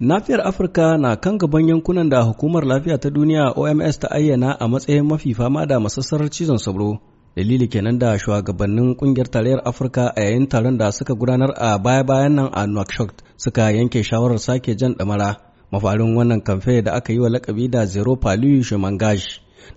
Nafiyar Afirka na kan gaban yankunan da hukumar lafiya ta duniya OMS ta ayyana a matsayin mafi fama da masassarar cizon sauro. Dalili kenan da shugabannin kungiyar tarayyar Afirka a yayin taron da suka gudanar a baya-bayan nan a Nouakchott suka yanke shawarar sake jan ɗamara. Mafarin wannan kamfe da aka yi wa lakabi da Zero Palu Shemangaj.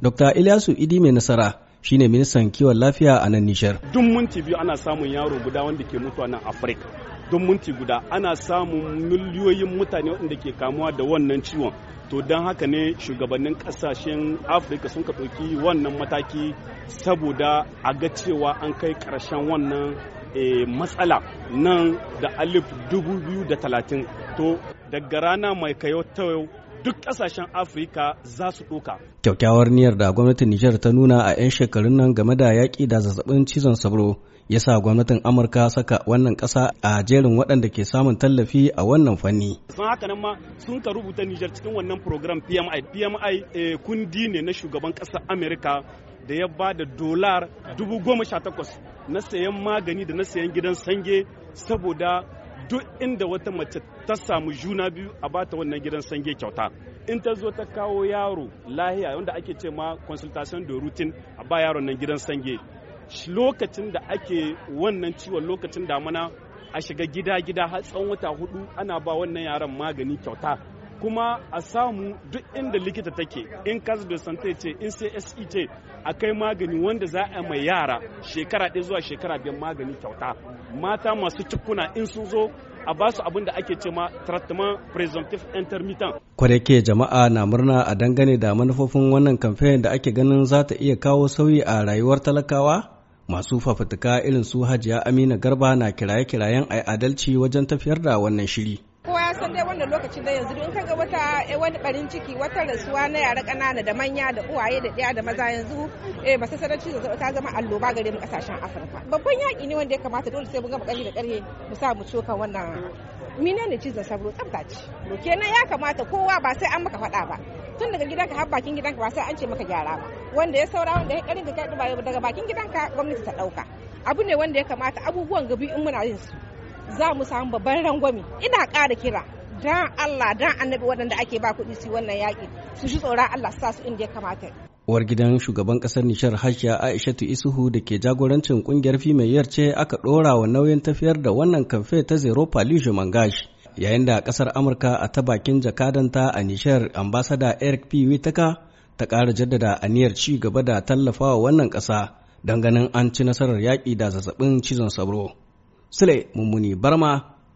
Dr. Ilyasu Idi mai nasara shine ministan kiwon lafiya a nan Nishar. Duk minti biyu ana samun yaro guda wanda ke mutuwa nan Afirka. don minti guda ana samun miliyoyin mutane waɗanda ke kamuwa da wannan ciwon to don haka ne shugabannin kasashen afirka sun ka ɗauki wannan mataki saboda a ga cewa an kai ƙarshen wannan eh, matsala nan da alif dubu da talatin to daga rana mai kayo ta duk ƙasashen afirka za su ɗoka kyakkyawar niyyar da gwamnatin nijar ta nuna a 'yan shekarun nan game da yaƙi da zazzabin cizon sauro ya sa gwamnatin amurka saka wannan ƙasa a jerin waɗanda ke samun tallafi a wannan fanni sun haka nan ma sun ka rubuta nijar cikin wannan program pmi pmi eh, kundi ne na shugaban ƙasar amurka da ya ba da dolar dubu goma sha takwas na sayan magani da na sayan gidan sange saboda duk inda wata mace ta samu juna biyu a bata wannan gidan sange kyauta in ta zo ta kawo yaro lahiya wanda ake ce ma consultation da rutin a ba yaron nan gidan sange lokacin da ake wannan ciwon lokacin damana a shiga gida-gida har tsawon wata hudu ana ba wannan yaron magani kyauta kuma a samu duk inda likita take in kasu da santa ce in sai ce a kai magani wanda za a mai yara shekara ɗaya zuwa shekara biyar magani kyauta mata masu cikuna in sun zo a ba su abin da ake ce ma treatment presumptive intermittent ke jama'a na murna a dangane da manufofin wannan kamfen da ake ganin za ta iya kawo sauyi a rayuwar talakawa masu fafutuka irin su hajiya amina garba na kiraye-kirayen ai adalci wajen tafiyar da wannan shiri kusan dai wannan lokaci da yanzu don kaga wata eh, wani barin ciki wata rasuwa na yara kanana da manya da uwaye da daya da maza yanzu eh ba sai zazzabi ta zama alloba gare mu kasashen Afirka babban yaki ne wanda ya kamata dole sai mun gama ƙarfi da ƙarfi mu sa mu coka wannan mine ne cizon sabro tsafta ce to kenan ya kamata kowa ba sai an maka faɗa ba tun daga gidanka har bakin gidanka ba sai an ce maka gyara ba wanda ya saura wanda ya ƙarin ka daga bakin gidanka gwamnati ta ɗauka abu ne wanda ya kamata abubuwan gabi in muna yin su za mu samu babban rangwame ina ƙara kira dan Allah dan annabi waɗanda ake ba kuɗi su wannan yaƙi su ji tsoron Allah sa su inda ya kamata uwar gidan shugaban kasar nishar hajiya aishatu isuhu da ke jagorancin ƙungiyar fimayyar ce aka ɗora wa nauyin tafiyar da wannan kamfe ta zero Palijo mangash yayin da ƙasar amurka a ta bakin jakadanta a nishar ambasada eric p witaka ta ƙara jaddada aniyar ci gaba da tallafawa wannan ƙasa don ganin an ci nasarar yaƙi da zazzabin cizon sauro sule mummuni barma